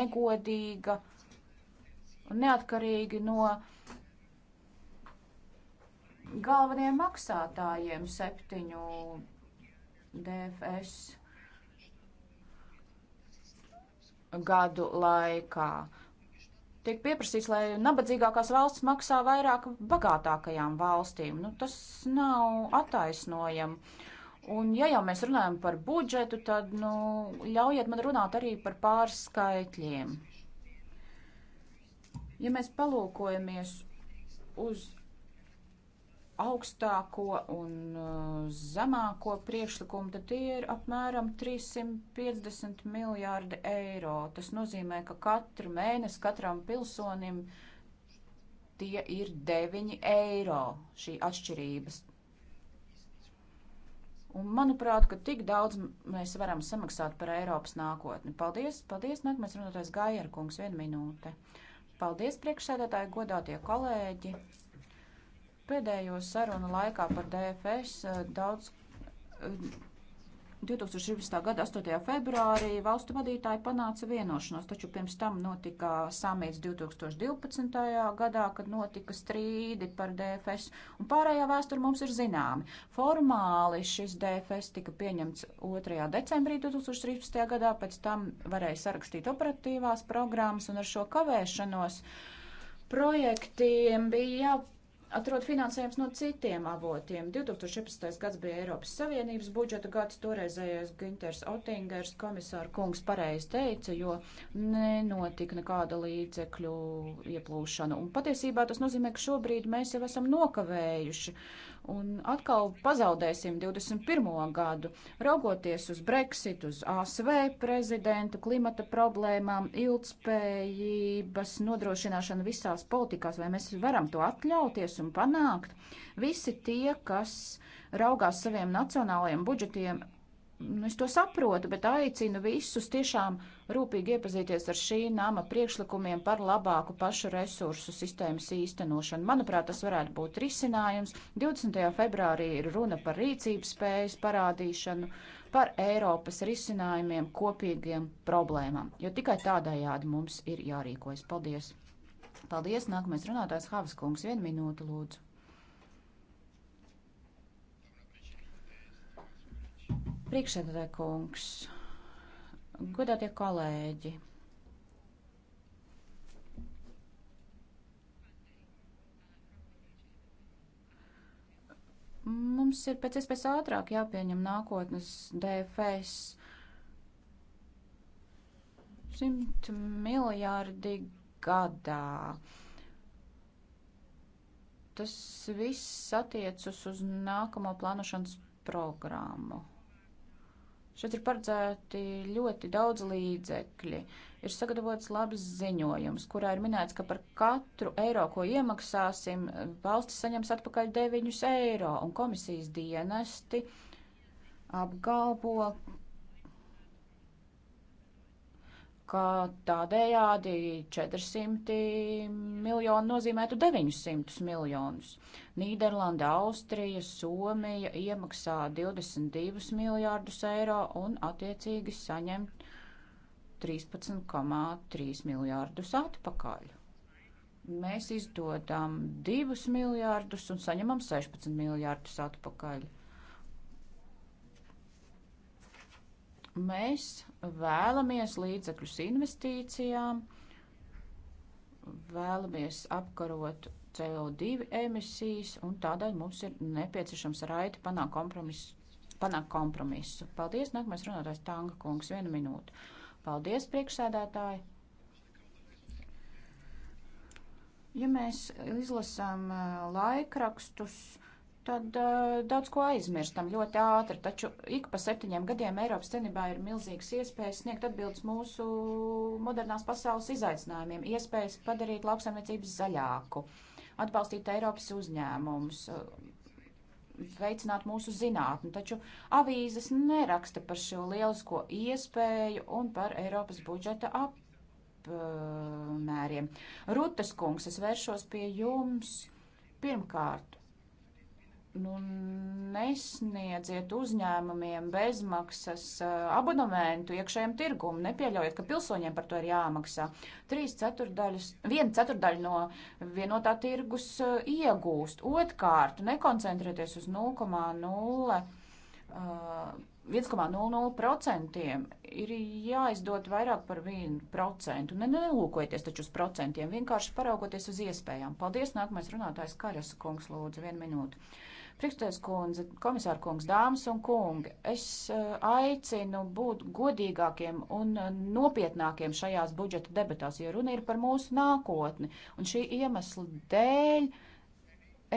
negodīga un neatkarīgi no galvenajiem maksātājiem septiņu DFS gadu laikā. Tiek pieprasīts, lai nabadzīgākās valsts maksā vairāk bagātākajām valstīm. Nu, tas nav attaisnojami. Un, ja jau mēs runājam par budžetu, tad nu, ļaujiet man runāt arī par pāris skaitļiem. Ja mēs palūkojamies uz augstāko un uh, zemāko priekšlikumu, tad tie ir apmēram 350 miljārdi eiro. Tas nozīmē, ka katru mēnesi katram pilsonim tie ir 9 eiro šī atšķirības. Un manuprāt, ka tik daudz mēs varam samaksāt par Eiropas nākotni. Paldies, paldies, nākamais runātājs Gajer kungs, viena minūte. Paldies, priekšsēdētāji, godātie kolēģi. Pēdējo sarunu laikā par DFS eh, daudz eh, 2016. gada 8. februārī valstu vadītāji panāca vienošanos, taču pirms tam notika samīts 2012. gadā, kad notika strīdi par DFS, un pārējā vēsture mums ir zināma. Formāli šis DFS tika pieņemts 2. decembrī 2013. gadā, pēc tam varēja sarakstīt operatīvās programmas, un ar šo kavēšanos projektiem bija jāpārāk atrod finansējums no citiem avotiem. 2017. gads bija Eiropas Savienības budžeta gads, toreizējais Ginters Otingers komisāra kungs pareizi teica, jo nenotika nekāda līdzekļu ieplūšana. Un patiesībā tas nozīmē, ka šobrīd mēs jau esam nokavējuši uh, un atkal pazaudēsim 21. gadu. Raugoties uz Brexit, uz ASV prezidentu, klimata problēmām, ilgspējības nodrošināšanu visās politikās, vai mēs varam to atļauties un panākt, visi tie, kas raugās saviem nacionālajiem budžetiem, Nu, es to saprotu, bet aicinu visus tiešām rūpīgi iepazīties ar šī nama priekšlikumiem par labāku pašu resursu sistēmas īstenošanu. Manuprāt, tas varētu būt risinājums. 20. februārī ir runa par rīcības spējas parādīšanu, par Eiropas risinājumiem kopīgiem problēmām, jo tikai tādējādi mums ir jārīkojas. Paldies! Paldies! Nākamais runātājs Havas kungs, vienu minūtu lūdzu. Priekšsēdētāj kungs, godātie kolēģi. Mums ir pēc iespējas ātrāk jāpieņem nākotnes DFS. 100 miljārdi gadā. Tas viss attiecas uz nākamo plānošanas programmu. Šeit ir paredzēti ļoti daudz līdzekļi. Ir sagatavots labs ziņojums, kurā ir minēts, ka par katru eiro, ko iemaksāsim, valsts saņems atpakaļ 9 eiro, un komisijas dienesti apgalvo, ka tādējādi 400 miljoni nozīmētu 900 miljonus. Nīderlanda, Austrija, Somija iemaksā 22 miljārdus eiro un attiecīgi saņem 13,3 miljārdus atpakaļ. Mēs izdodam 2 miljārdus un saņemam 16 miljārdus atpakaļ. Mēs vēlamies līdzekļus investīcijām, vēlamies apkarot CO2 emisijas, un tādēļ mums ir nepieciešams raiti panākt kompromisu. Panākt kompromisu. Paldies, nākamais runātājs Tanga kungs, viena minūte. Paldies, priekšsēdētāji! Ja mēs izlasām laikrakstus, tad uh, daudz ko aizmirstam ļoti ātri, taču ik pa septiņiem gadiem Eiropas cenībā ir milzīgas iespējas sniegt atbildes mūsu modernās pasaules izaicinājumiem, iespējas padarīt lauksaimniecības zaļāku, atbalstīt Eiropas uzņēmumus, veicināt mūsu zinātni, taču avīzes neraksta par šo lielisko iespēju un par Eiropas budžeta apmēriem. Rutas kungs, es vēršos pie jums pirmkārt nu, nesniedziet uzņēmumiem bezmaksas eh, abonementu iekšējiem tirgumu, nepieļaujiet, ka pilsoņiem par to ir jāmaksā. Trīs ceturdaļas, viena ceturdaļa no vienotā tirgus eh, iegūst. Otkārt, nekoncentrieties uz 0,0. 1,00% eh, ir jāizdod vairāk par 1%. Ne, nelūkojieties taču uz procentiem, vienkārši paraugoties uz iespējām. Paldies, nākamais runātājs Karas kungs, lūdzu, vienu minūtu. Uh, Priekšstājas kundze, komisāra kungs, dāmas un kungi, es eh, aicinu būt godīgākiem un eh, nopietnākiem šajās budžeta debatās, jo runa ir par mūsu nākotni. Un šī iemesla dēļ.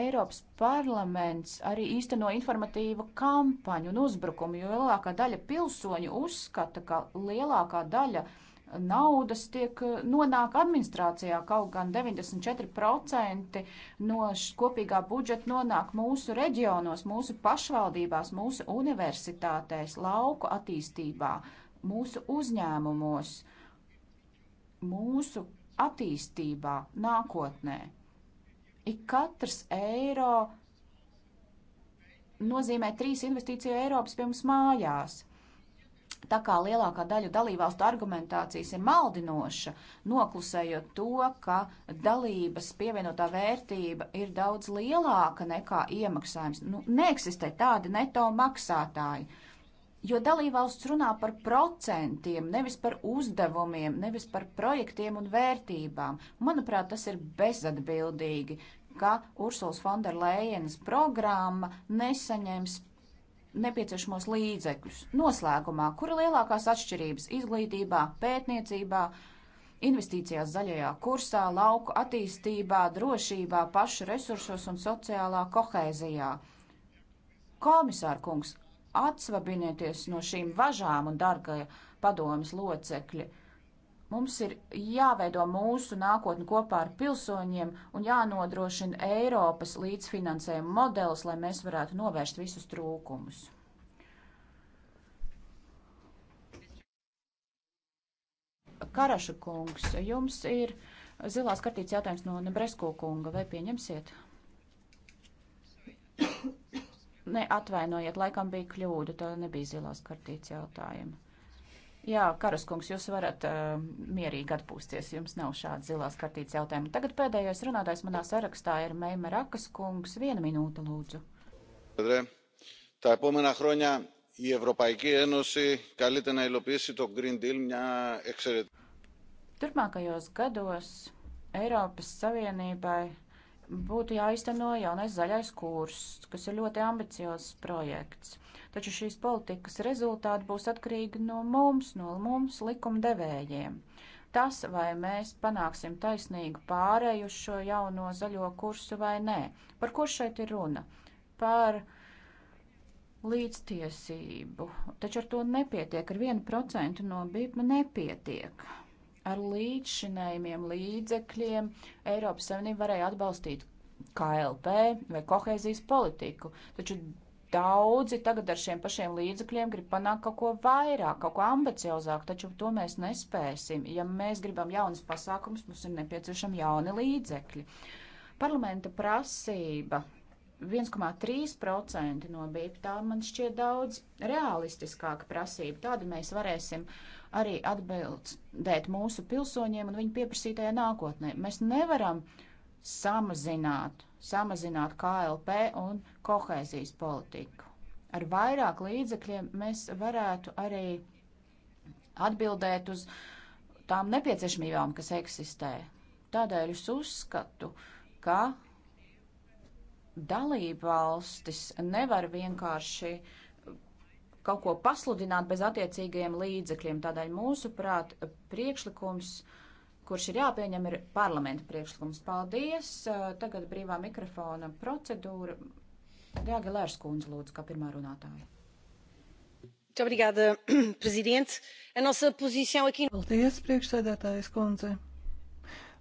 Eiropas parlaments arī īsteno informatīvu kampaņu un uzbrukumu, jo lielākā daļa pilsoņu uzskata, ka lielākā daļa uh, naudas tiek eh, nonāk administrācijā, kaut gan 94% no kopīgā budžeta nonāk mūsu reģionos, mūsu pašvaldībās, mūsu universitātēs, lauku attīstībā, mūsu uzņēmumos, mūsu attīstībā, nākotnē. Ik katrs eiro nozīmē trīs investīciju Eiropas pirms mājās – Tā kā lielākā daļa dalībvalstu argumentācijas ir maldinoša, noklusējot to, ka dalības pievienotā vērtība ir daudz lielāka nekā iemaksājums. Nu, neeksistē tādi neto maksātāji. Jo dalībvalsts runā par procentiem, nevis par uzdevumiem, nevis par projektiem un vērtībām. Manuprāt, tas ir bezatbildīgi, ka Ursulas Fonderlējienas programma nesaņems nepieciešamos līdzekļus. Noslēgumā, kura lielākās atšķirības izglītībā, pētniecībā, investīcijās zaļajā kursā, lauku attīstībā, drošībā, pašu resursos un sociālā kohēzijā? Komisārkungs, atsvabinieties no šīm važām un dargaja padomas locekļi. Mums ir jāveido mūsu nākotni kopā ar pilsoņiem un jānodrošina Eiropas līdzfinansējuma modelis, lai mēs varētu novērst visus trūkumus. Karaša kungs, jums ir zilās kartītes jautājums no Nebresko kunga. Vai pieņemsiet? Ne, atvainojiet, laikam bija kļūda, tā nebija zilās kartītes jautājuma. Jā, Karaskungs, jūs varat uh, mierīgi atpūsties, jums nav šāds zilās kartītes jautājumu. Tagad pēdējais runātājs manā sarakstā ir Meima Rakas kungs. Viena minūte, lūdzu. Tā epomēnā hroņā η Ευρωπαϊκή Ένωση καλείται να υλοποιήσει το Green Deal μια εξαιρετική. Turpmākajos gados Eiropas Savienībai būtu jāizteno jaunais zaļais kurs, kas ir ļoti ambiciozs projekts. Taču šīs politikas rezultāti būs atkarīgi no mums, no mums likumdevējiem. Tas, vai mēs panāksim taisnīgu pārēju uz šo jauno zaļo kursu vai nē. Par ko šeit ir runa? Par līdztiesību. Taču ar to nepietiek, ar 1% no BIP nepietiek Ar līdzšinējumiem līdzekļiem Eiropas Savienība varēja atbalstīt KLP vai kohēzijas politiku, taču daudzi tagad ar šiem pašiem līdzekļiem grib panākt kaut ko vairāk, kaut ko ambiciozāk, taču to mēs nespēsim. Ja mēs gribam jaunas pasākumus, mums ir nepieciešami jauni līdzekļi. Parlamenta prasība 1,3% no BIP tā man šķiet daudz realistiskāka prasība. Tādu mēs varēsim uh, arī atbildēt mūsu pilsoņiem un viņu pieprasītajai nākotnē. Mēs nevaram samazināt, samazināt KLP un kohēzijas politiku. Ar vairāk līdzekļiem mēs varētu arī atbildēt uz tām nepieciešamībām, kas eksistē. Tādēļ es uzskatu, ka dalībvalstis nevar vienkārši uh, kaut ko pasludināt bez attiecīgajiem līdzekļiem. Tādēļ mūsuprāt priekšlikums, kurš ir jāpieņem, ir parlamenta priekšlikums. Paldies! Eh, tagad brīvā mikrofona procedūra. Jāga Lērs kundze lūdzu, kā pirmā runātāja. Obrigada, presidente. A nossa posição aqui. Paldies, priekšsēdētājas kundze.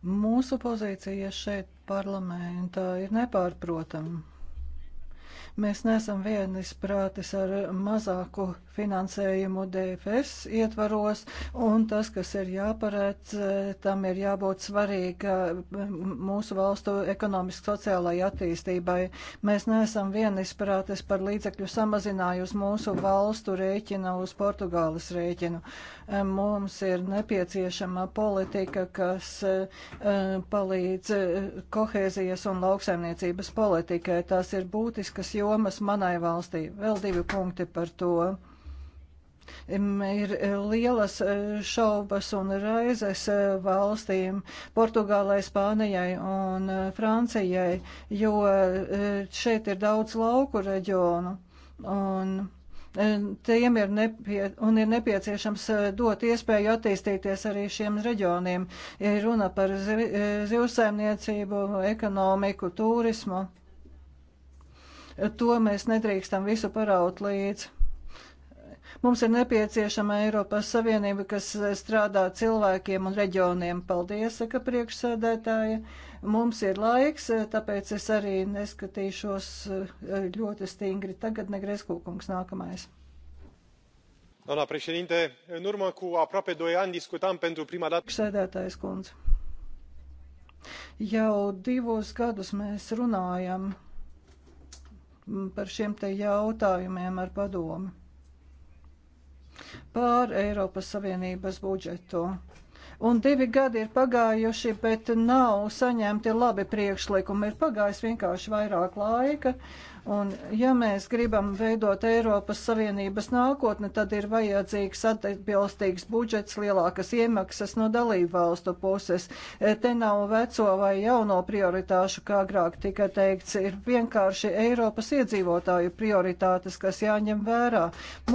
Mūsu pozīcija šeit parlamentā ir nepārprotama Mēs nesam vienisprātis ar mazāku finansējumu DFS ietvaros, un tas, kas ir jāparedz, tam ir jābūt svarīga mūsu valstu ekonomiski sociālai attīstībai. Mēs neesam vienisprātis par līdzekļu samazināju uz mūsu valstu rēķina, uz Portugāles rēķinu. Mums ir nepieciešama politika, kas eh, palīdz kohēzijas un lauksaimniecības politikai. Tās ir būtiskas jūtas jomas manai valstī. Vēl divi punkti par to. Ir e, lielas e, šaubas un raizes e, valstīm, Portugālai, Spānijai un Francijai, jo šeit ir daudz lauku reģionu. Un tiem ir, nepie, un ir nepieciešams dot iespēju attīstīties arī šiem reģioniem. Ir runa par zivsaimniecību, ekonomiku, turismu. To mēs nedrīkstam visu paraut līdzi. Mums ir nepieciešama Eiropas Savienība, kas strādā cilvēkiem un reģioniem. Paldies, saka priekšsēdētāja. Mums ir laiks, tāpēc es arī neskatīšos eh, ļoti stingri. Tagad Negreskukungs nākamais. Doamna președinte, în urmă cu aproape 2 ani discutam pentru prima dată. Sēdētājs kundze. Jau divos gadus mēs runājam par šiem te jautājumiem ar padomi. Pār Eiropas Savienības budžetu. Un divi gadi ir pagājuši, bet nav saņemti labi priekšlikumi. Ir pagājis vienkārši vairāk laika. Un, ja mēs gribam veidot Eiropas Savienības nākotni, tad ir vajadzīgs atbilstīgs budžets, lielākas iemaksas no dalību valstu puses. E, te nav veco vai jauno prioritāšu, kā agrāk tika teikts, ir vienkārši Eiropas iedzīvotāju prioritātes, kas jāņem vērā.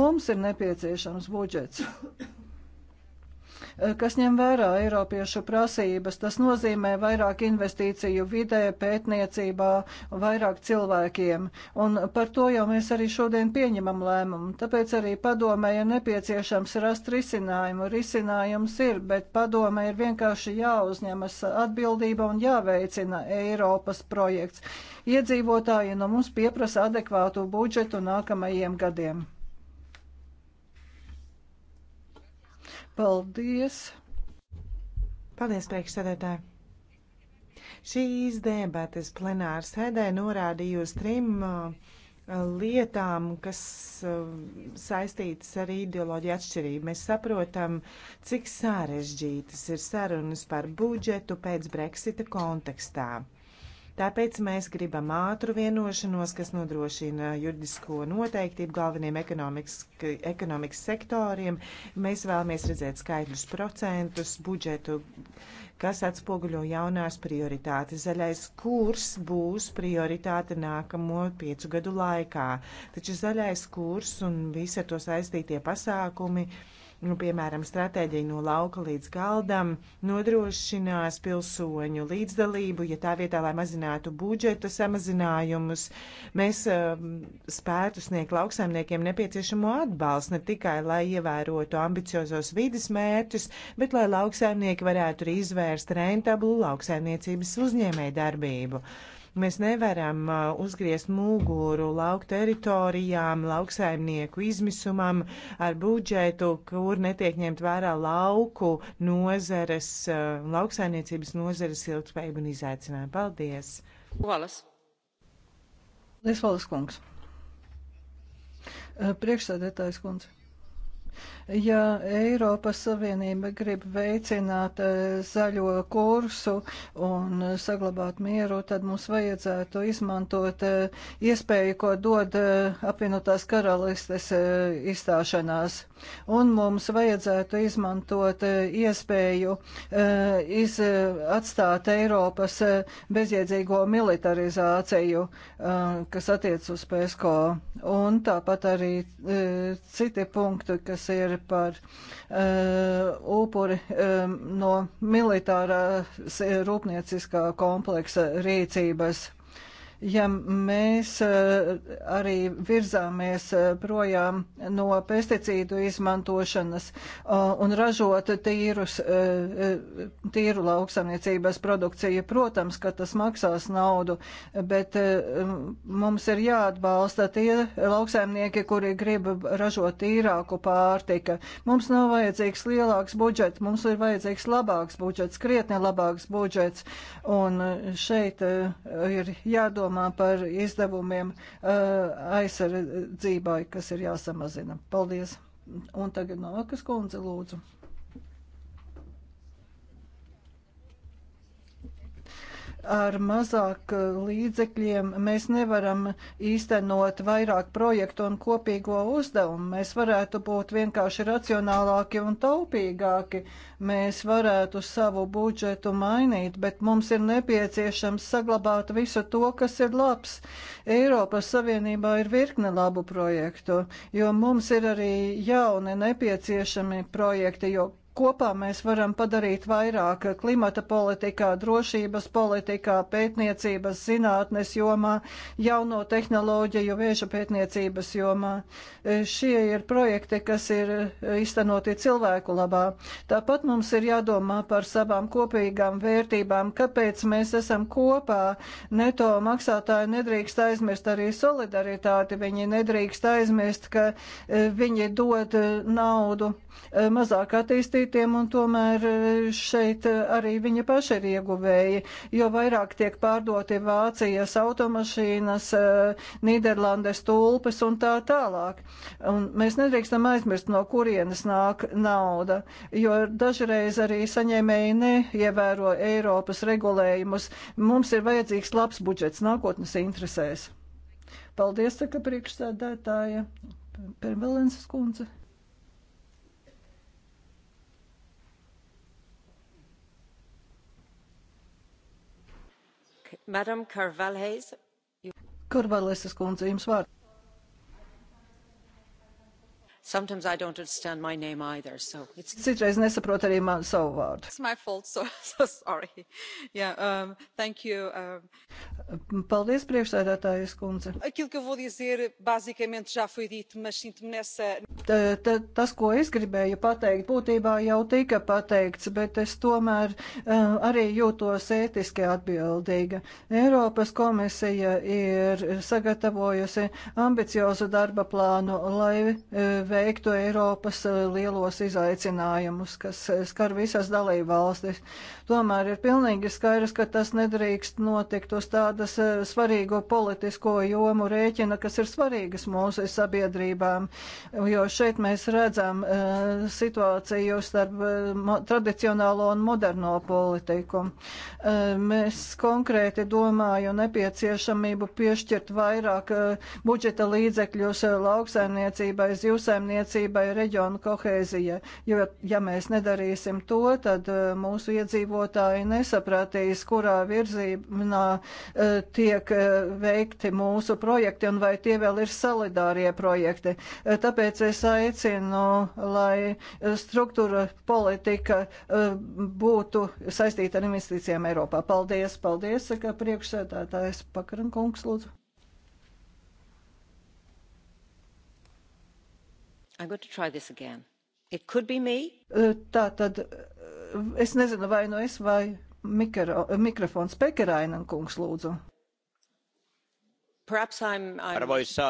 Mums ir nepieciešams budžets. Eh, kas ņem vērā Eiropiešu prasības. Tas nozīmē vairāk investīciju vidē, pētniecībā, vairāk cilvēkiem. Un par to jau mēs arī šodien pieņemam lēmumu. Tāpēc arī padomēja nepieciešams rast risinājumu. Risinājums ir, bet padomē ir vienkārši jāuzņemas atbildība un jāveicina Eiropas projekts. Iedzīvotāji no mums pieprasa adekvātu budžetu nākamajiem gadiem. Paldies! Paldies, priekšsēdētāji! Šīs debates plenāra sēdē norādīja uz trim uh, lietām, kas uh, saistītas ar ideoloģiju atšķirību. Mēs saprotam, cik sarežģītas ir sarunas par budžetu pēc Brexita kontekstā. Tāpēc mēs gribam ātru vienošanos, kas nodrošina juridisko noteiktību galveniem ekonomikas, ekonomikas sektoriem. Mēs vēlamies redzēt skaidrus procentus, budžetu, kas atspoguļo jaunās prioritātes. Zaļais kurs būs prioritāte nākamo piecu gadu laikā, taču zaļais kurs un visi ar to saistītie pasākumi. Uh, nu, piemēram, stratēģija no lauka līdz galdam nodrošinās pilsoņu līdzdalību, ja tā vietā, lai mazinātu budžeta samazinājumus, mēs uh, spētu sniegt lauksaimniekiem nepieciešamo atbalstu ne tikai, lai ievērotu ambiciozos vidas mērķus, bet lai lauksaimnieki varētu arī izvērst rentablu lauksaimniecības uzņēmēju darbību. Mēs nevaram uh, uzgriezt muguru lauku teritorijām, lauksaimnieku izmisumam ar budžetu, kur netiek ņemt vērā lauku nozeres, uh, lauksaimniecības nozeres ilgspējību un izaicinājumu. Paldies! Valas! Lies Valas kungs! Uh, priekšsēdētājs kungs! Ja Eiropas Savienība grib veicināt e, zaļo kursu un saglabāt mieru, tad mums vajadzētu izmantot e, iespēju, ko dod e, apvienotās karalistes izstāšanās. Un mums vajadzētu izmantot iespēju iz, atstāt Eiropas bezjēdzīgo militarizāciju, kas attiec uz PESCO. Un tāpat arī citi punkti, kas ir par uh, upuri um, no militārās eh, rūpnieciskā kompleksa rīcības ja mēs eh, arī virzāmies eh, projām no pesticīdu izmantošanas eh, un ražot tīrus, tīru lauksamniecības produkciju, protams, ka tas maksās naudu, bet mums ir jāatbalsta tie lauksaimnieki, kuri grib ražot tīrāku pārtika. Mums nav vajadzīgs lielāks budžets, mums ir vajadzīgs labāks budžets, krietni labāks budžets, un šeit ir jādomā jādomā par izdevumiem eh, aizsardzībai, kas ir jāsamazina. Paldies! Un tagad nākas kundze lūdzu. ar mazāk uh, līdzekļiem mēs nevaram īstenot vairāk projektu un kopīgo uzdevumu. Mēs varētu būt vienkārši racionālāki un taupīgāki. Mēs varētu savu budžetu mainīt, bet mums ir nepieciešams saglabāt visu to, kas ir labs. Eiropas Savienībā ir virkne labu projektu, jo mums ir arī jauni nepieciešami projekti, jo kopā mēs varam padarīt vairāk klimata politikā, drošības politikā, pētniecības, zinātnes jomā, jauno tehnoloģiju, vēža pētniecības jomā. E, šie ir projekti, kas ir e, iztenoti cilvēku labā. Tāpat mums ir jādomā par savām kopīgām vērtībām, kāpēc mēs esam kopā. Neto maksātāji nedrīkst aizmirst arī solidaritāti, viņi nedrīkst aizmirst, ka e, viņi dod naudu mazāk attīstīt citiem, un tomēr eh, šeit eh, arī viņa paša ir ieguvēji, jo vairāk tiek pārdoti Vācijas automašīnas, eh, Nīderlandes tulpes un tā tālāk. Un mēs nedrīkstam aizmirst, no kurienes nāk nauda, jo dažreiz arī saņēmēji neievēro Eiropas regulējumus. Mums ir vajadzīgs labs budžets nākotnes interesēs. Paldies, saka priekšsēdētāja Pervelenses kundze. Karvalēsas kundze, jums vārds. Sometimes I don't understand my name either, so it's... Citreiz nesaprot arī man savu vārdu. It's my fault, so, so sorry. Yeah, um, thank you. Um... Paldies, priekšsēdētājas kundze. Aquilo que eu vou dizer, basicamente, já foi dito, mas sinto-me nessa... Ta, ta, tas, ko es gribēju pateikt, būtībā jau tika pateikts, bet es tomēr uh, arī jūtos ētiski atbildīga. Eiropas komisija ir sagatavojusi ambiciozu darba plānu, lai uh, veiktu Eiropas eh, lielos izaicinājumus, kas eh, skar visas dalību valstis. Tomēr ir pilnīgi skaidrs, ka tas nedrīkst notikt uz tādas eh, svarīgo politisko jomu rēķina, kas ir svarīgas mūsu sabiedrībām, jo šeit mēs redzam situāciju starp tradicionālo un moderno politiku. Mēs konkrēti domāju nepieciešamību piešķirt vairāk budžeta līdzekļus lauksaimniecībai, zivsaimniecībai, lauksaimniecībai, reģionu kohēzijai. Jo, ja mēs nedarīsim to, tad e, mūsu iedzīvotāji nesapratīs, kurā virzienā e, tiek e, veikti mūsu projekti un vai tie vēl ir solidārie projekti. Tāpēc es aicinu, lai struktūra politika būtu saistīta ar investīcijām Eiropā. Paldies, paldies, ka priekšsēdētājs Pakarankungs lūdzu. I'm going to try this again. It could be me. Tā tad es nezinu, vai nu no es vai mikro, mikrofons Pekerainen kungs lūdzu. Perhaps I'm, I'm... Arvoisa,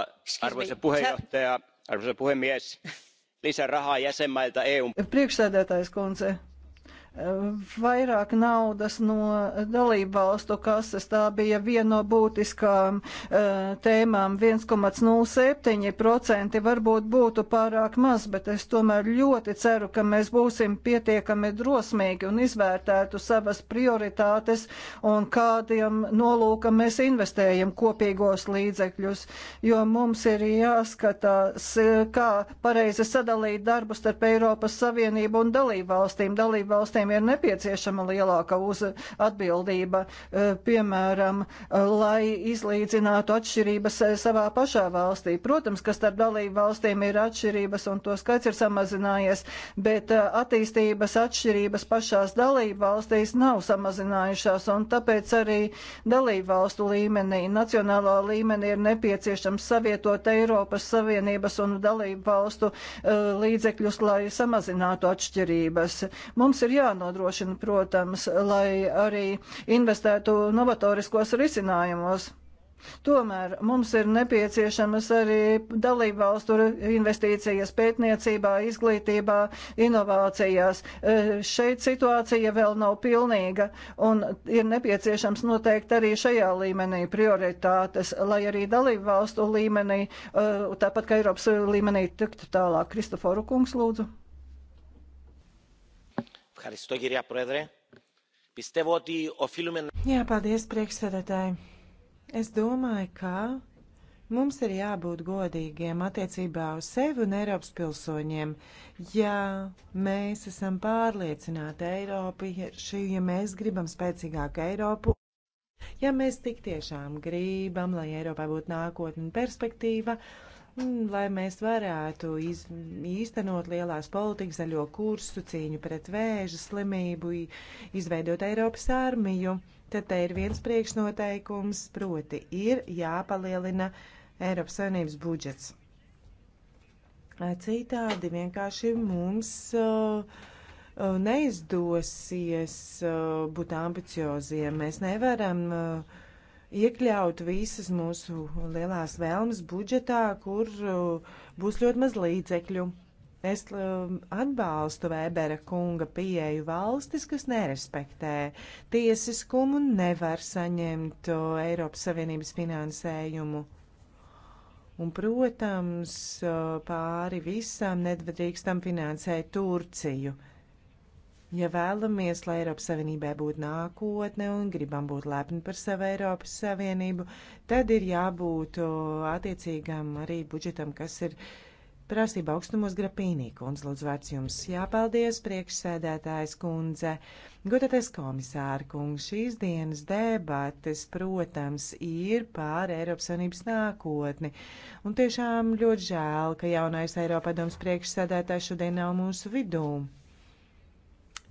arvoisa, puheenjohtaja, arvoisa puhemies, lisärahaa jäsenmailta EU. Priekšsēdētājs kundze, vairāk naudas no dalībvalstu kases. Tā bija viena no būtiskām uh, tēmām - 1,07% varbūt būtu pārāk maz, bet es tomēr ļoti ceru, ka mēs būsim pietiekami drosmīgi un izvērtētu savas prioritātes un kādiem nolūkam mēs investējam kopīgos līdzekļus, jo mums ir jāskatās, eh, kā pareizi sadalīt darbu starp Eiropas Savienību un dalībvalstīm. dalībvalstīm uzņēmējiem ir nepieciešama lielāka uz atbildība, e, piemēram, e, lai izlīdzinātu atšķirības e, savā pašā valstī. Protams, ka starp dalību valstīm ir atšķirības un to skaits ir samazinājies, bet attīstības atšķirības pašās dalību valstīs nav samazinājušās un tāpēc arī dalību valstu līmenī, nacionālā līmenī ir nepieciešams savietot Eiropas Savienības un dalību valstu līdzekļus, lai samazinātu atšķirības. Mums ir jānodrošina jānodrošina, protams, lai arī investētu novatoriskos risinājumos. Tomēr mums ir nepieciešamas arī dalībvalstu investīcijas pētniecībā, izglītībā, inovācijās. E, šeit situācija vēl nav pilnīga un ir nepieciešams noteikti arī šajā līmenī prioritātes, lai arī dalībvalstu līmenī, e, tāpat kā Eiropas līmenī, tiktu tālāk. Kristoforu kungs, lūdzu. Jā, paldies, priekšsēdētāji. Es domāju, ka mums ir jābūt godīgiem attiecībā uz sevi un Eiropas pilsoņiem. Ja mēs esam pārliecināti Eiropieši, ja mēs gribam spēcīgāku Eiropu, ja mēs tik tiešām gribam, lai Eiropā būtu nākotne un perspektīva, uh, lai mēs varētu iz, īstenot lielās politikas zaļo kursu, cīņu pret vēža slimību, izveidot Eiropas armiju, tad te ir viens priekšnoteikums, proti ir jāpalielina Eiropas Savienības budžets. Citādi vienkārši mums uh, uh, neizdosies uh, būt ambicioziem. Mēs nevaram uh, iekļaut visas mūsu lielās vēlmes budžetā, kur uh, būs ļoti maz līdzekļu. Es um, atbalstu Vēbera kunga pieeju valstis, kas nerespektē tiesiskumu un nevar saņemt uh, Eiropas Savienības finansējumu. Un, protams, uh, pāri visam nedrīkstam finansēt Turciju. Uh, Ja vēlamies, lai Eiropas Savienībai būtu nākotne un gribam būt lepni par savu Eiropas Savienību, tad ir jābūt attiecīgam arī budžetam, kas ir prasība augstumos grapīnī. Kundze, lūdzu, vārds jums jāpaldies, priekšsēdētājs kundze. Gotatais komisāra kungs, šīs dienas debates, protams, ir pār Eiropas Savienības nākotni. Un tiešām ļoti žēl, ka jaunais Eiropadoms priekšsēdētājs šodien nav mūsu vidū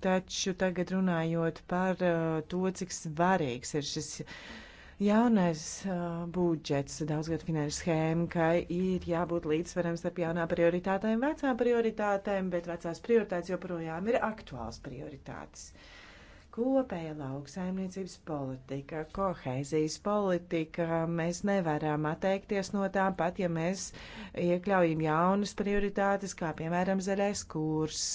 Taču tagad runājot par uh, to, cik svarīgs ir šis jaunais uh, budžets, daudzgad finanšu schēma, ka ir jābūt līdzsveram starp jaunā prioritātēm, vecām prioritātēm, bet vecās prioritātes joprojām ir aktuāls prioritātes. Kopēja lauksaimniecības politika, kohēzijas politika, mēs nevaram atteikties no tām, pat ja mēs iekļaujam jaunas prioritātes, kā piemēram zaļais kurs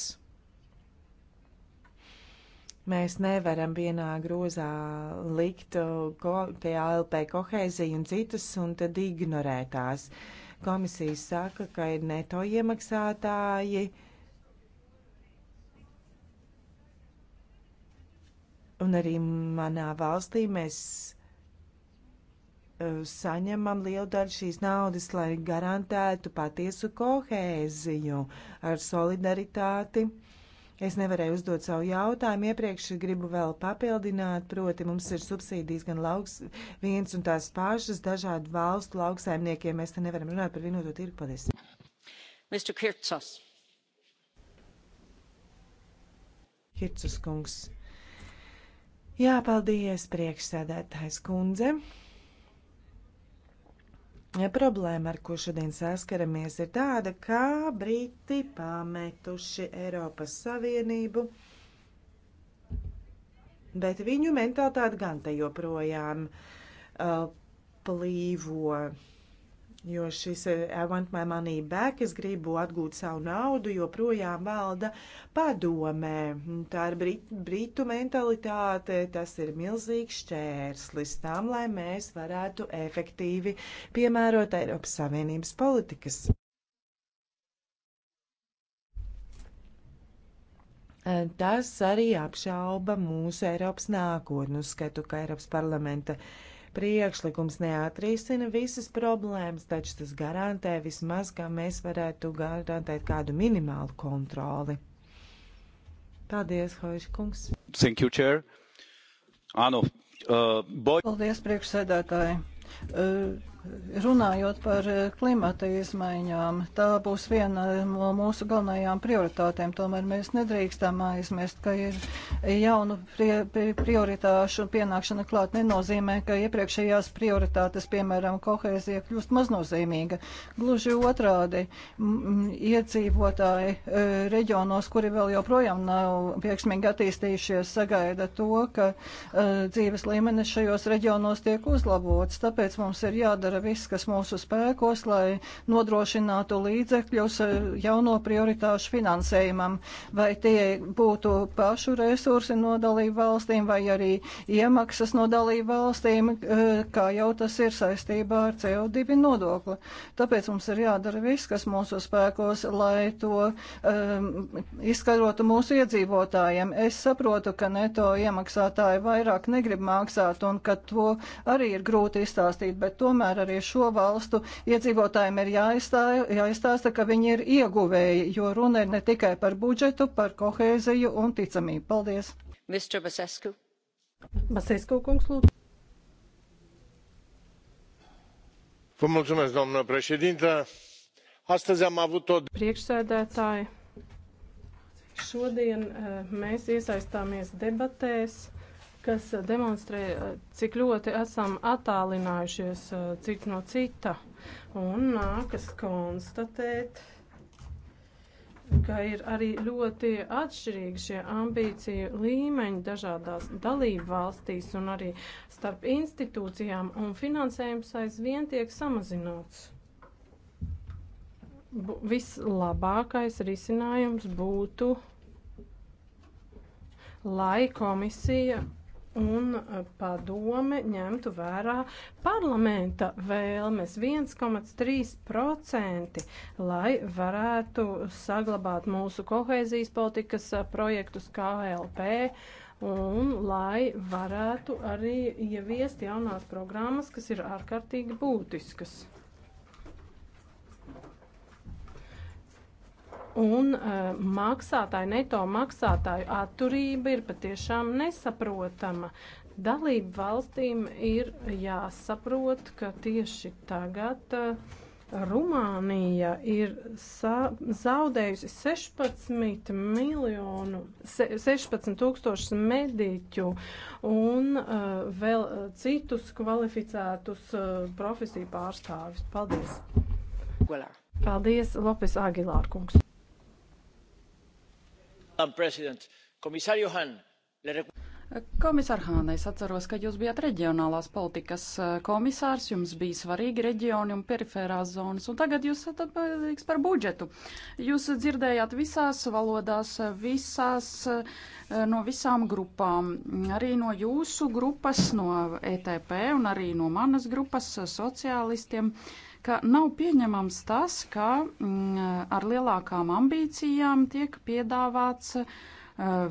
Mēs nevaram vienā grozā likt uh, ko, pie ALP kohēziju un citus un tad ignorēt tās. Komisija saka, ka ir neto iemaksātāji. Un arī manā valstī mēs uh, saņemam lielu daļu šīs naudas, lai garantētu patiesu kohēziju ar solidaritāti. Uh, Es nevarēju uzdot savu jautājumu iepriekš, gribu vēl papildināt, proti mums ir subsīdijas gan lauks viens un tās pašas dažādu valstu lauksaimniekiem. Mēs te nevaram runāt par vienoto tirgu. Paldies. Mr. Kirtsos. Kirtsos kungs. Jā, paldies, priekšsēdētājs kundze. Ja problēma, ar ko šodien saskaramies, ir tāda, kā Briti pametuši Eiropas Savienību, bet viņu mentalitāte gan te joprojām uh, plīvo. Jo šis eh, I want my money back, es gribu atgūt savu naudu, joprojām valda padomē. Tā ir brit, britu mentalitāte, tas ir milzīgs šķērslis tam, lai mēs varētu efektīvi piemērot Eiropas Savienības politikas. Eh, tas arī apšauba mūsu Eiropas nākotnu. Skatu, ka Eiropas parlamenta uh, Priekšlikums neatrisina visas problēmas, taču tas garantē vismaz, kā mēs varētu garantēt kādu minimālu kontroli. Paldies, Hoiša kungs. Thank you, Chair. Ano, uh, boy... Paldies, priekšsēdētāji. Uh, Runājot par eh, klimata izmaiņām, tā būs viena no mūsu galvenajām prioritātēm. Tomēr mēs nedrīkstam aizmirst, ka ir jaunu prioritāšu pienākšana klāt nenozīmē, ka iepriekšējās prioritātes, piemēram, kohēzija kļūst maznozīmīga. Gluži otrādi, iedzīvotāji eh, reģionos, kuri vēl joprojām nav pieksmīgi attīstījušies, sagaida to, ka eh, dzīves līmenis šajos reģionos tiek uzlabots. Tāpēc mums ir jādara jādara viss, kas mūsu spēkos, lai nodrošinātu līdzekļus eh, jauno prioritāšu finansējumam. Vai tie būtu pašu resursi no dalību valstīm vai arī iemaksas no dalību valstīm, eh, kā jau tas ir saistībā ar CO2 nodokli. Tāpēc mums ir jādara viss, kas mūsu spēkos, lai to um, ehm, izskarotu mūsu iedzīvotājiem. Es saprotu, ka neto iemaksātāji vairāk negrib maksāt un ka to arī ir grūti izstāstīt, bet tomēr arī šo valstu iedzīvotājiem ir jāizstāja, jāizstāsta, ka viņi ir ieguvēji, jo runa ir ne tikai par budžetu, par kohēziju un ticamību. Paldies! Mr. Basescu. Basescu, kungs, lūdzu. Vă mulțumesc, doamnă președintă. Astăzi am avut o... Priekšsēdētāji, šodien eh, mēs iesaistāmies debatēs kas demonstrē, eh, cik ļoti esam attālinājušies eh, cik no cita. Un nākas konstatēt, ka ir arī ļoti atšķirīgi šie ambīciju līmeņi dažādās dalību valstīs un arī starp institūcijām, un finansējums aizvien tiek samazināts. B vislabākais risinājums būtu, lai komisija un eh, padome ņemtu vērā parlamenta vēlmes 1,3%, lai varētu saglabāt mūsu kohēzijas politikas eh, projektus KLP un lai varētu arī ieviest jaunās programmas, kas ir ārkārtīgi būtiskas. un uh, maksātāju, neto maksātāju atturība ir patiešām nesaprotama. Dalību valstīm ir jāsaprot, ka tieši tagad uh, Rumānija ir zaudējusi 16 miljonu, se, 16 tūkstošus mediķu un uh, vēl citus kvalificētus uh, profesiju pārstāvis. Paldies! Voilà. Paldies, Lopes Agilārkungs! madam president komisār Johan, le... Komisār Hāna, es atceros, ka jūs bijat reģionālās politikas eh, komisārs, jums bija svarīgi reģioni un perifērās zonas, un tagad jūs esat atbildīgs par budžetu. Jūs dzirdējāt visās valodās, visās, eh, no visām grupām, arī no jūsu grupas, no ETP un arī no manas grupas sociālistiem. Uh, ka nav pieņemams tas, ka mm, ar lielākām ambīcijām tiek piedāvāts uh,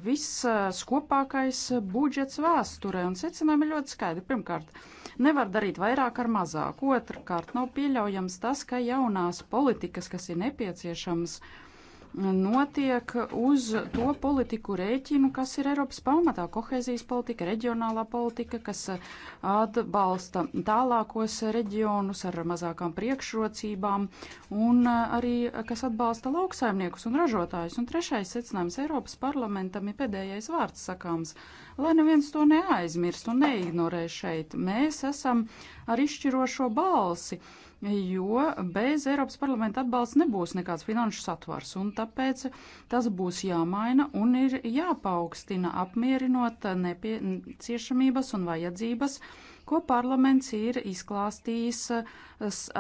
viss eh, skopākais budžets vēsturē, un secinājumi ļoti skaidri. Pirmkārt, nevar darīt vairāk ar mazāk. Otrkārt, nav pieļaujams tas, ka jaunās politikas, kas ir nepieciešams, uh, notiek uz to politiku rēķinu, kas ir Eiropas pamatā - kohēzijas politika, reģionālā politika, kas atbalsta tālākos reģionus ar mazākām priekšrocībām un arī, kas atbalsta lauksaimniekus un ražotājus. Un trešais secinājums - Eiropas parlamentam ir pēdējais vārds sakāms. Lai neviens to neaizmirst un neignorē šeit, mēs esam ar izšķirošo balsi jo bez Eiropas parlamenta atbalsts nebūs nekāds finanšu satvars, un tāpēc tas būs jāmaina un ir jāpaukstina apmierinot nepieciešamības un vajadzības, ko parlaments ir izklāstījis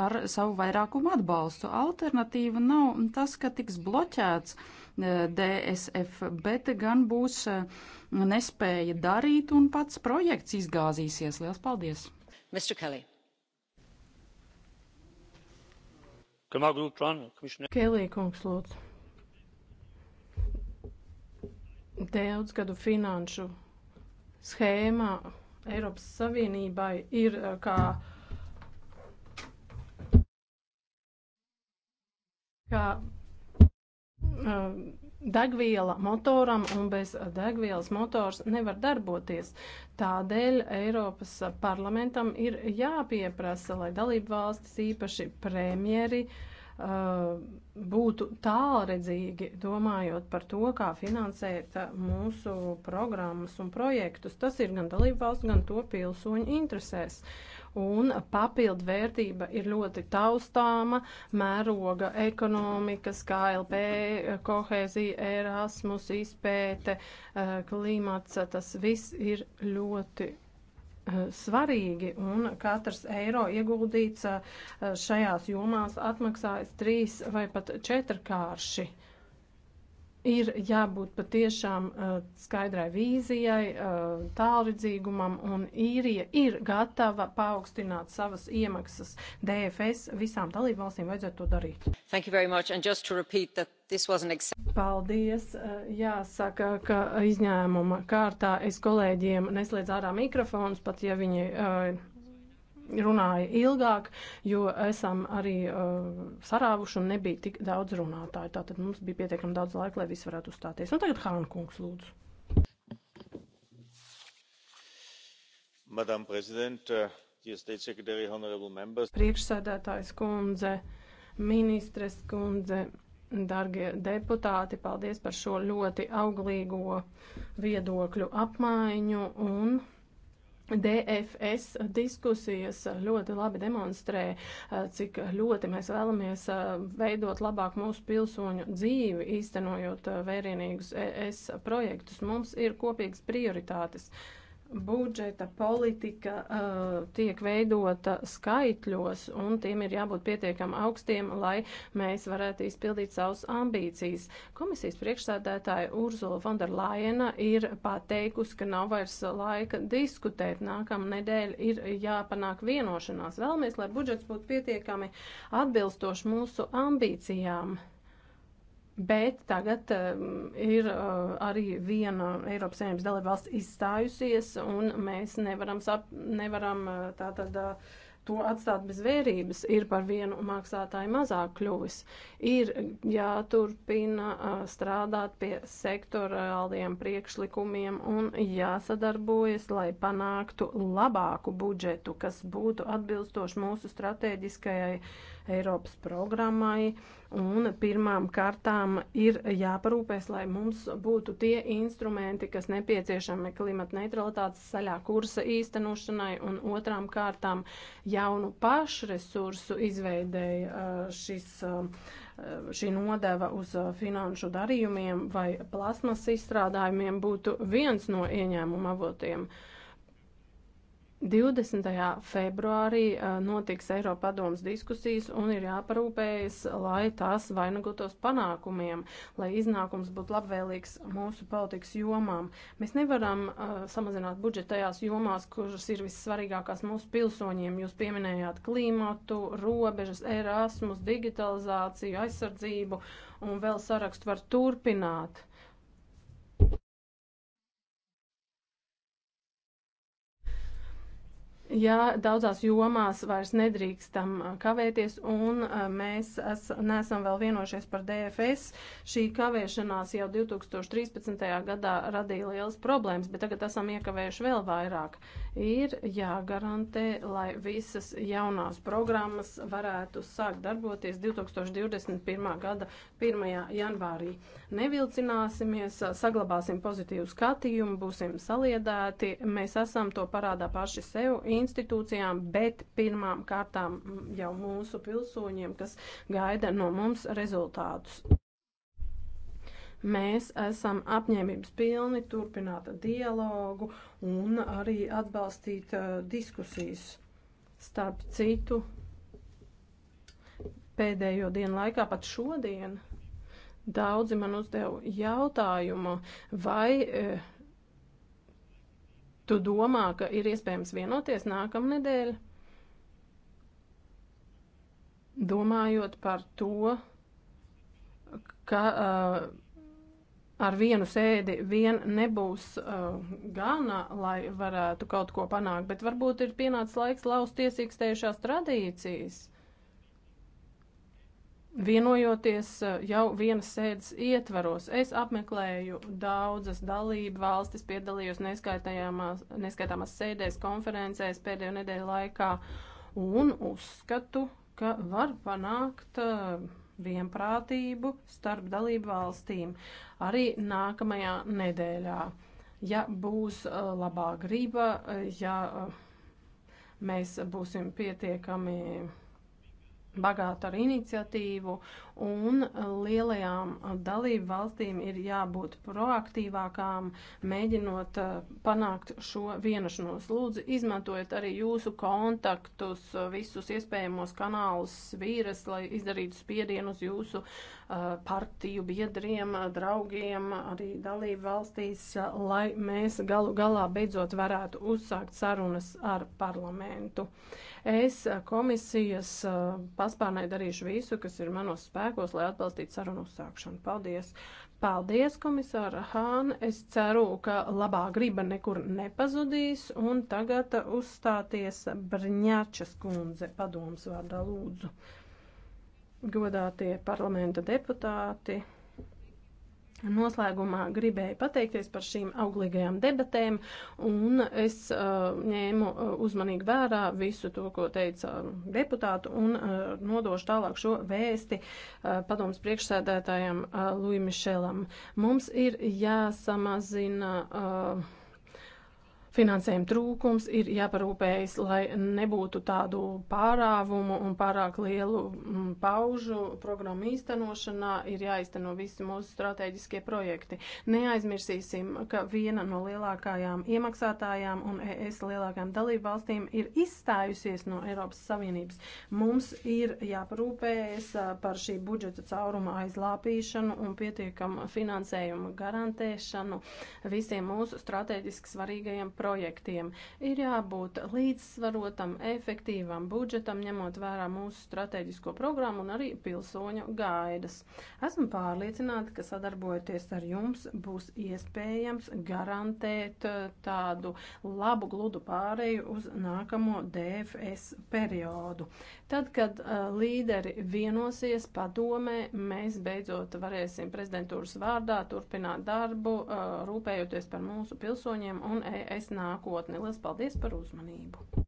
ar savu vairākumu atbalstu. Alternatīva nav tas, ka tiks bloķēts e, DSF, bet gan būs e, nespēja darīt un pats projekts izgāzīsies. Lielas paldies! Mr. Kelly. Kelī kungs lūdzu. Daudz gadu finanšu schēmā Eiropas Savienībai ir eh, kā, kā um, degviela motoram un bez degvielas motors nevar darboties. Tādēļ Eiropas parlamentam ir jāpieprasa, lai dalību valstis īpaši premjeri uh, būtu tālredzīgi domājot par to, kā finansēt mūsu programmas un projektus. Tas ir gan dalību valsts, gan to pilsoņu interesēs un papildu vērtība ir ļoti taustāma, mēroga ekonomikas, KLP, kohēzija, Erasmus, izpēte, eh, klimats, tas viss ir ļoti eh, svarīgi, un katrs eiro ieguldīts eh, šajās jomās atmaksājas trīs vai pat četrkārši ir jābūt patiešām uh, skaidrai vīzijai, uh, tālredzīgumam, un īrija ir gatava paaugstināt savas iemaksas DFS. Visām dalībvalstīm vajadzētu to darīt. Thank you very much. And just to repeat that this was an exception. Paldies. Uh, jāsaka, ka izņēmuma kārtā es kolēģiem neslēdz ārā mikrofons, pat ja viņi. Uh, runāja ilgāk, jo esam arī uh, sarāvuši un nebija tik daudz runātāju. Tātad mums bija pietiekami daudz laika, lai viss varētu uzstāties. Un tagad Hāna kungs lūdzu. Madam President, uh, dear State Secretary, honorable members. Priekšsēdētājs kundze, ministres kundze, Dargie deputāti, paldies par šo ļoti auglīgo viedokļu apmaiņu un DFS diskusijas ļoti labi demonstrē, eh, cik ļoti mēs vēlamies eh, veidot labāk mūsu pilsoņu dzīvi, īstenojot eh, vērienīgus ES projektus. Mums ir kopīgas prioritātes. Uh, budžeta politika uh, tiek veidota skaitļos, un tiem ir jābūt pietiekam augstiem, lai mēs varētu izpildīt savus ambīcijas. Komisijas priekšsādētāja Urzula Fonderlajena ir pateikusi, ka nav vairs laika diskutēt. Nākamā nedēļa ir jāpanāk vienošanās. Vēlamies, lai budžets būtu pietiekami atbilstoši mūsu ambīcijām. Bet tagad um, ir uh, arī viena Eiropas Savienības dalībvalsts izstājusies, un mēs nevaram, sap, nevaram uh, tātad. Uh, to atstāt bez vērības, ir par vienu maksātāju mazāk kļuvis. Ir jāturpina uh, strādāt pie sektorāliem priekšlikumiem un jāsadarbojas, lai panāktu labāku budžetu, kas būtu atbilstoši mūsu strateģiskajai Eiropas programmai Un pirmām kārtām ir jāparūpēs, lai mums būtu tie instrumenti, kas nepieciešami klimata neutralitātes saļā kursa īstenošanai, un otrām kārtām jaunu pašresursu izveidēja eh, šis, eh, šī nodeva uz eh, finanšu darījumiem vai plasmas izstrādājumiem būtu viens no ieņēmuma avotiem. Uh, 20. februārī eh, notiks Eiropadomas diskusijas un ir jāparūpējas, lai tās vainagotos panākumiem, lai iznākums būtu labvēlīgs mūsu politikas jomām. Mēs nevaram uh, samazināt budžetu tajās jomās, kuras ir vissvarīgākās mūsu pilsoņiem. Jūs pieminējāt klimatu, robežas, Erasmus, digitalizāciju, aizsardzību un vēl sarakstu var turpināt. Jā, daudzās jomās vairs nedrīkstam uh, kavēties, un uh, mēs es, neesam vēl vienojušies par DFS. Šī kavēšanās jau 2013. gadā radīja lielas problēmas, bet tagad esam iekavējuši vēl vairāk. Ir jāgarantē, lai visas jaunās programmas varētu sākt darboties 2021. gada 1. janvārī. Nevilcināsimies, uh, saglabāsim pozitīvu skatījumu, būsim saliedēti, mēs esam to parādā paši sev institūcijām, bet pirmām kārtām mm, jau mūsu pilsoņiem, kas gaida no mums rezultātus. Mēs esam apņēmības pilni turpināt dialogu un arī atbalstīt uh, diskusijas. Starp citu, pēdējo dienu laikā, pat šodien, daudzi man uzdeva jautājumu, vai uh, Tu domā, ka ir iespējams vienoties nākamnedēļ? Domājot par to, ka uh, ar vienu sēdi vien nebūs uh, gana, lai varētu kaut ko panākt, bet varbūt ir pienācis laiks laust iesīkstējušās tradīcijas. Uh, vienojoties eh, jau vienas sēdes ietvaros. Es apmeklēju daudzas dalību valstis, piedalījos neskaitāmās sēdēs, konferencēs pēdējo nedēļu laikā un uzskatu, ka var panākt eh, vienprātību starp dalību valstīm arī nākamajā nedēļā. Ja būs eh, labā grība, ja mēs būsim pietiekami bagāta ar iniciatīvu, un lielajām dalību valstīm ir jābūt proaktīvākām, mēģinot eh, panākt šo vienošanos. Lūdzu, izmantojiet arī jūsu kontaktus, visus iespējamos kanālus, svīras, lai izdarītu spiedienu uz jūsu uh, partiju biedriem, draugiem arī dalību valstīs, lai mēs galu galā beidzot varētu uzsākt sarunas ar parlamentu. Es komisijas paspārnē darīšu visu, kas ir manos spēkos, lai atbalstītu sarunu uzsākšanu. Paldies! Paldies, komisāra Hāna. Es ceru, ka labā griba nekur nepazudīs. Un tagad uzstāties Brņāčas kundze padoms vārdā lūdzu godātie parlamenta deputāti. Noslēgumā gribēju pateikties par šīm auglīgajām debatēm, un es uh, ņēmu uh, uzmanīgi vērā visu to, ko teica um, deputātu, un uh, nodošu tālāk šo vēsti uh, padomus priekšsēdētājam uh, Lui Mišelam. Mums ir jāsamazina. Uh, finansējuma trūkums, ir jāparūpējas, lai nebūtu tādu pārāvumu un pārāk lielu mm, paužu programmu īstenošanā, ir jāizteno visi mūsu strateģiskie projekti. Neaizmirsīsim, ka viena no lielākajām iemaksātājām un ES lielākajām dalību valstīm ir izstājusies no Eiropas Savienības. Mums ir jāparūpējas par šī budžeta cauruma aizlāpīšanu un pietiekamu finansējumu garantēšanu visiem mūsu strateģiski svarīgajiem projektiem projektiem. Ir jābūt līdzsvarotam, efektīvam budžetam, ņemot vērā mūsu strateģisko programmu un arī pilsoņu gaidas. Esmu pārliecināta, ka sadarbojoties ar jums būs iespējams garantēt eh, tādu labu gludu pārēju uz nākamo DFS periodu. Tad, kad uh, līderi vienosies padomē, mēs beidzot varēsim prezidentūras vārdā turpināt darbu, eh, rūpējoties par mūsu pilsoņiem un ES nākotni. Lielas paldies par uzmanību!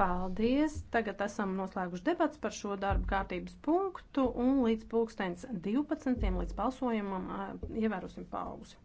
Paldies! Tagad esam noslēguši debats par šo darba kārtības punktu un līdz pulkstens 12. līdz balsojumam ievērosim pauzi.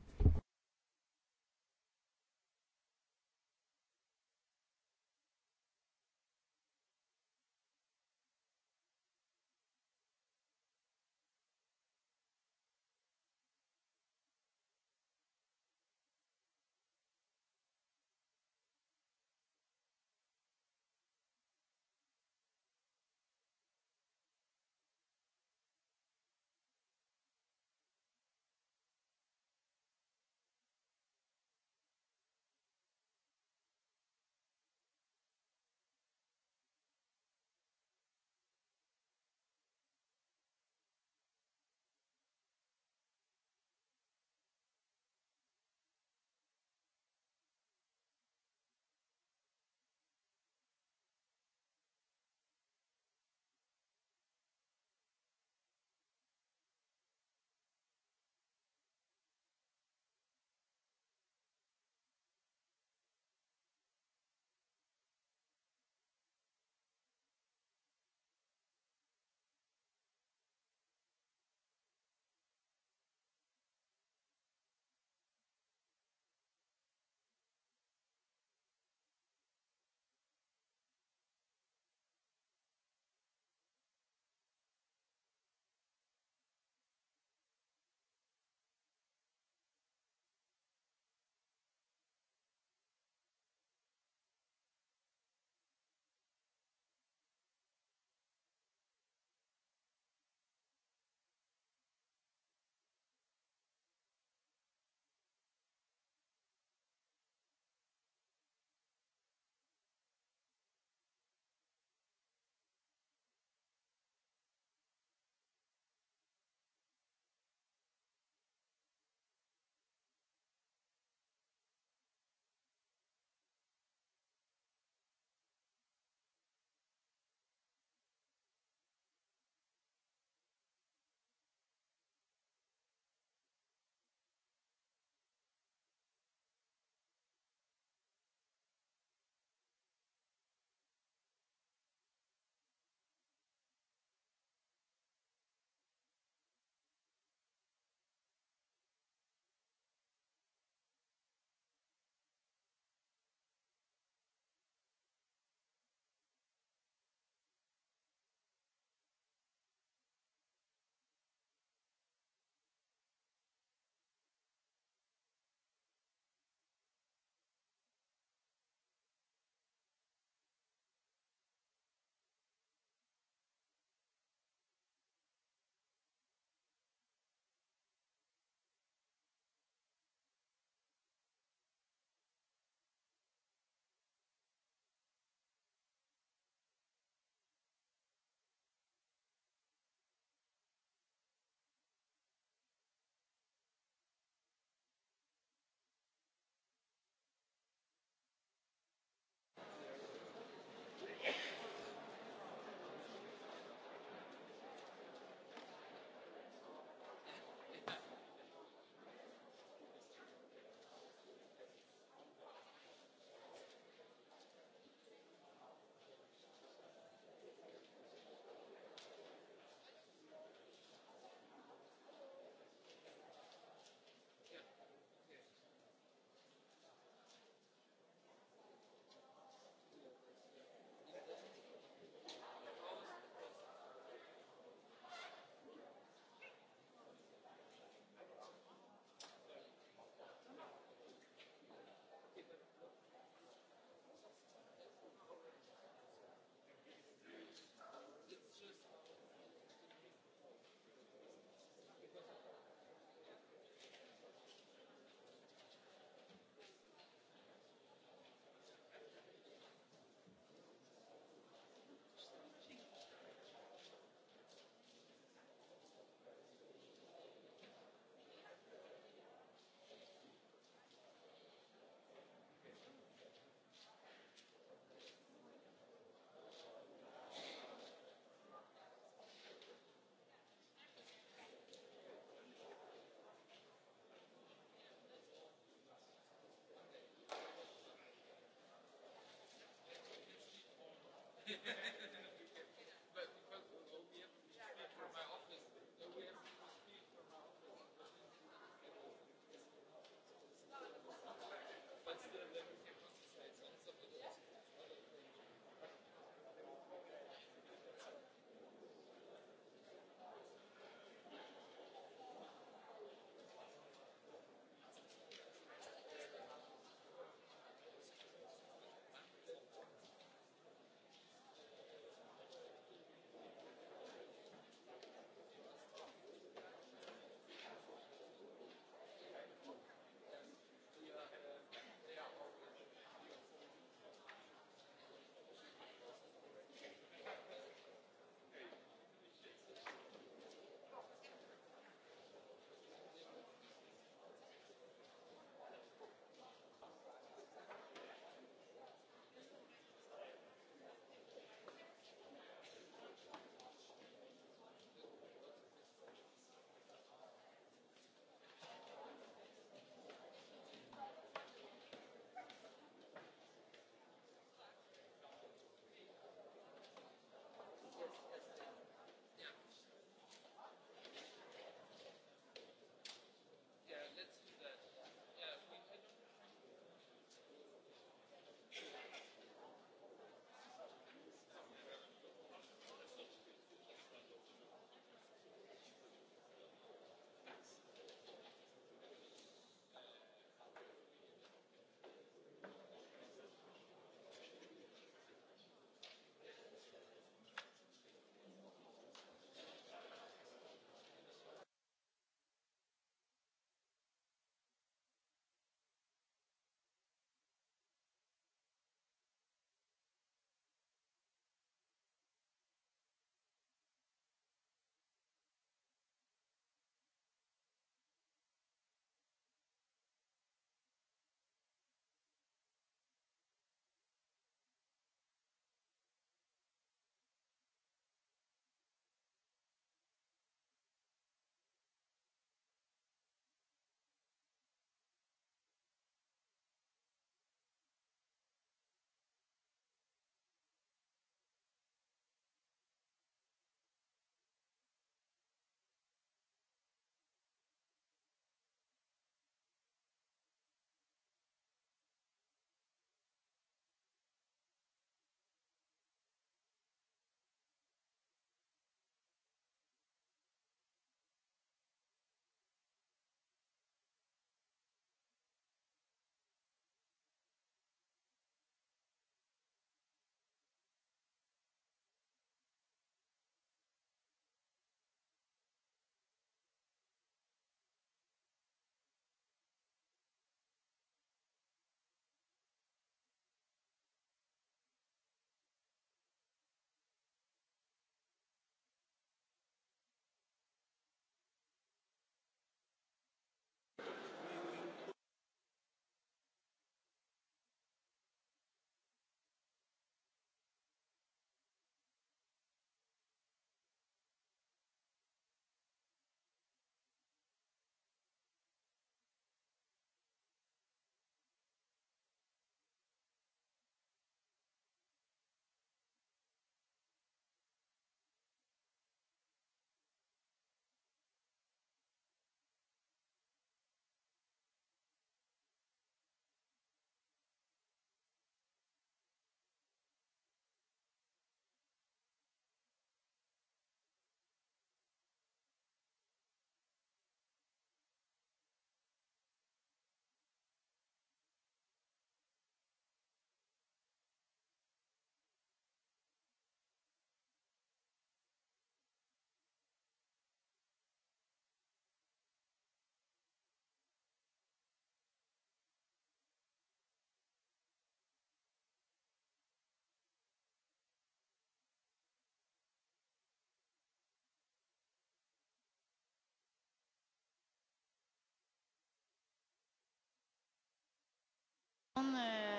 sånn eh,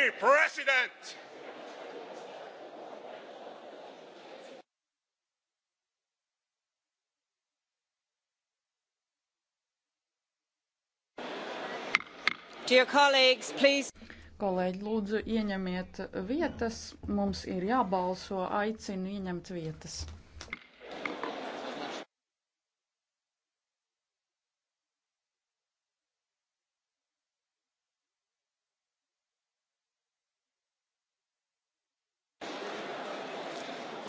Mr. President! Kolēģi, lūdzu, ieņemiet vietas. Mums ir jābalso. Aicinu ieņemt vietas.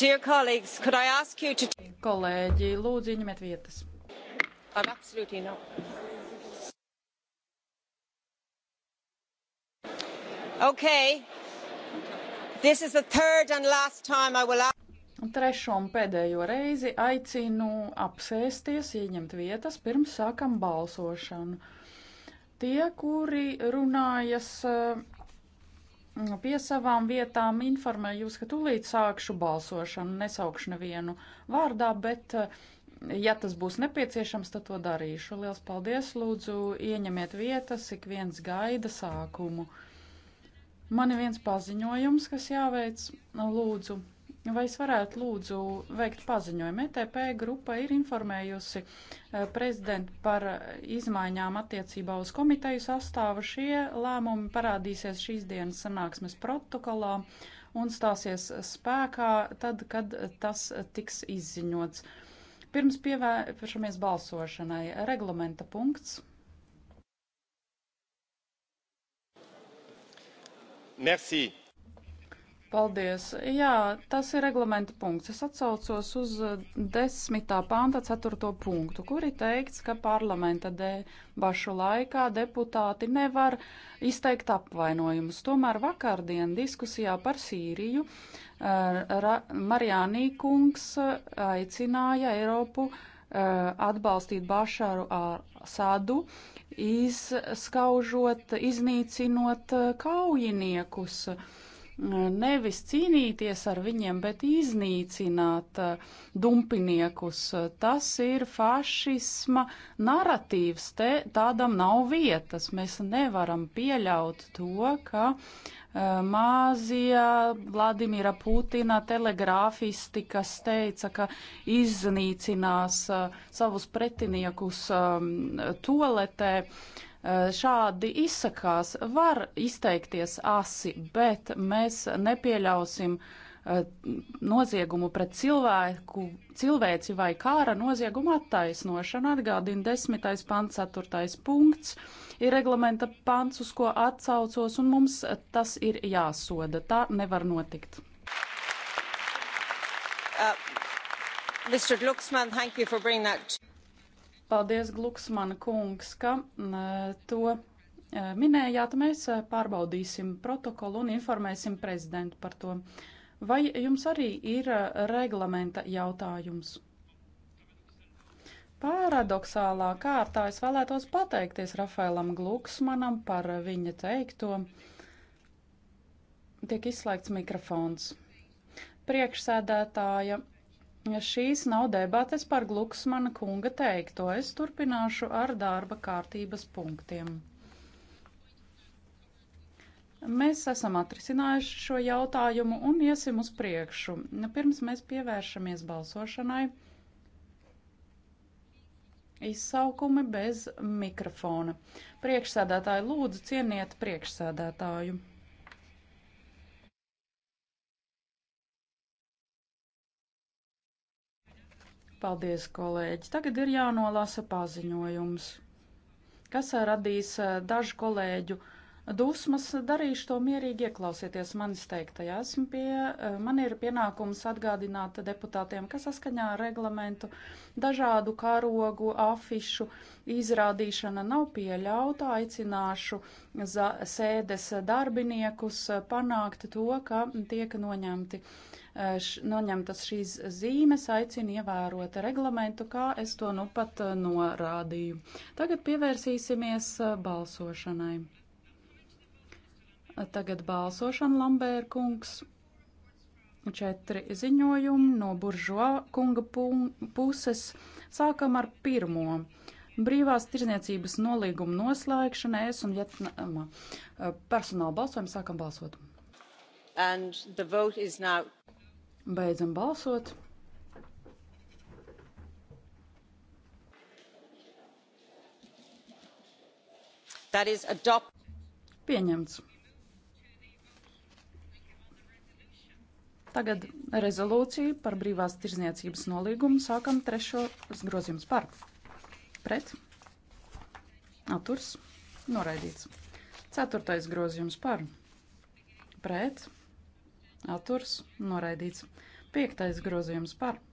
To... Kolēģi, lūdzu, ieņemiet vietas. Absolutely not. Okay. This is the third and last time I will ask. Trešo un pēdējo reizi aicinu apsēsties, ieņemt vietas pirms sākam balsošanu. Tie, kuri runājas eh, pie savām vietām informēju jūs, ka tūlīt sākšu balsošanu, nesaukšu nevienu vārdā, bet, eh, ja tas būs nepieciešams, tad to darīšu. Liels paldies, lūdzu, ieņemiet vietas, ik viens gaida sākumu. Man ir viens paziņojums, kas jāveic, lūdzu, Vai es varētu lūdzu veikt paziņojumu? ETP grupa ir informējusi e, prezidentu par e, izmaiņām attiecībā uz komiteju sastāvu. Šie lēmumi parādīsies šīs dienas sanāksmes protokolā un stāsies spēkā tad, kad tas tiks izziņots. Pirms pievēršamies balsošanai, reglamenta punkts. Merci. Paldies. Jā, tas ir reglamenta punkts. Es atsaucos uz 10. Eh, panta 4. punktu, kur ir teikts, ka parlamenta debašu laikā deputāti nevar izteikt apvainojumus. Tomēr vakardien diskusijā par Sīriju eh, Marijānī kungs aicināja Eiropu eh, atbalstīt Bašāru Sādu, izskaužot, iznīcinot kaujiniekus. Uh, nevis cīnīties ar viņiem, bet iznīcināt eh, dumpiniekus. Tas ir fašisma naratīvs, te tādam nav vietas. Mēs nevaram pieļaut to, ka eh, Māzija Vladimira Putina telegrāfisti, kas teica, ka iznīcinās eh, savus pretiniekus toletē, Eh, šādi izsakās, var izteikties asi, bet mēs nepieļausim eh, noziegumu pret cilvēku, cilvēci vai kāra noziegumu attaisnošanu. Atgādina desmitais pants, ceturtais punkts ir reglamenta pants, uz ko atsaucos, un mums tas ir jāsoda. Tā nevar notikt. Uh, Mr. Glucksmann, thank you for bringing that. Paldies, Gluksmana kungs, ka to e, minējāt. Mēs e, pārbaudīsim protokolu un informēsim prezidentu par to. Vai jums arī ir e, reglamenta jautājums? Paradoxālā kārtā es vēlētos pateikties Rafaelam Gluksmanam par viņa teikto. Tiek izslēgts mikrofons. Priekšsēdētāja Šīs nav debates par Gluksmana kunga teikto. Es turpināšu ar darba kārtības punktiem. Mēs esam atrisinājuši šo jautājumu un iesim uz priekšu. Pirms mēs pievēršamies balsošanai, izsaukumi bez mikrofona. Priekšsēdētāji lūdzu cieniet priekšsēdētāju. Paldies, kolēģi. Tagad ir jānolasa paziņojums, kas radīs dažu kolēģu dusmas. Darīšu to mierīgi, ieklausieties manis teiktajā. Esmu pie, man ir pienākums atgādināt deputātiem, ka saskaņā ar reglamentu dažādu karogu, afišu izrādīšana nav pieļauta. Aicināšu sēdes darbiniekus panākt to, ka tiek noņemti Eh, š, noņemtas šīs zīmes, aicinu ievērot reglamentu, kā es to nu pat eh, norādīju. Tagad pievērsīsimies eh, balsošanai. Tagad balsošana Lambēra kungs. Četri ziņojumi no buržo kunga puses. Sākam ar pirmo brīvās tirzniecības nolīguma noslēgšana ES un Vietnama. Personāla balsojumu sākam balsot. Beidzam balsot. Pieņemts. Tagad rezolūcija par brīvās tirzniecības nolīgumu sākam trešo grozījums par. Pret. Atturs. Noraidīts. Ceturtais grozījums par. Pret. Atturs noraidīts. Piektais grozījums par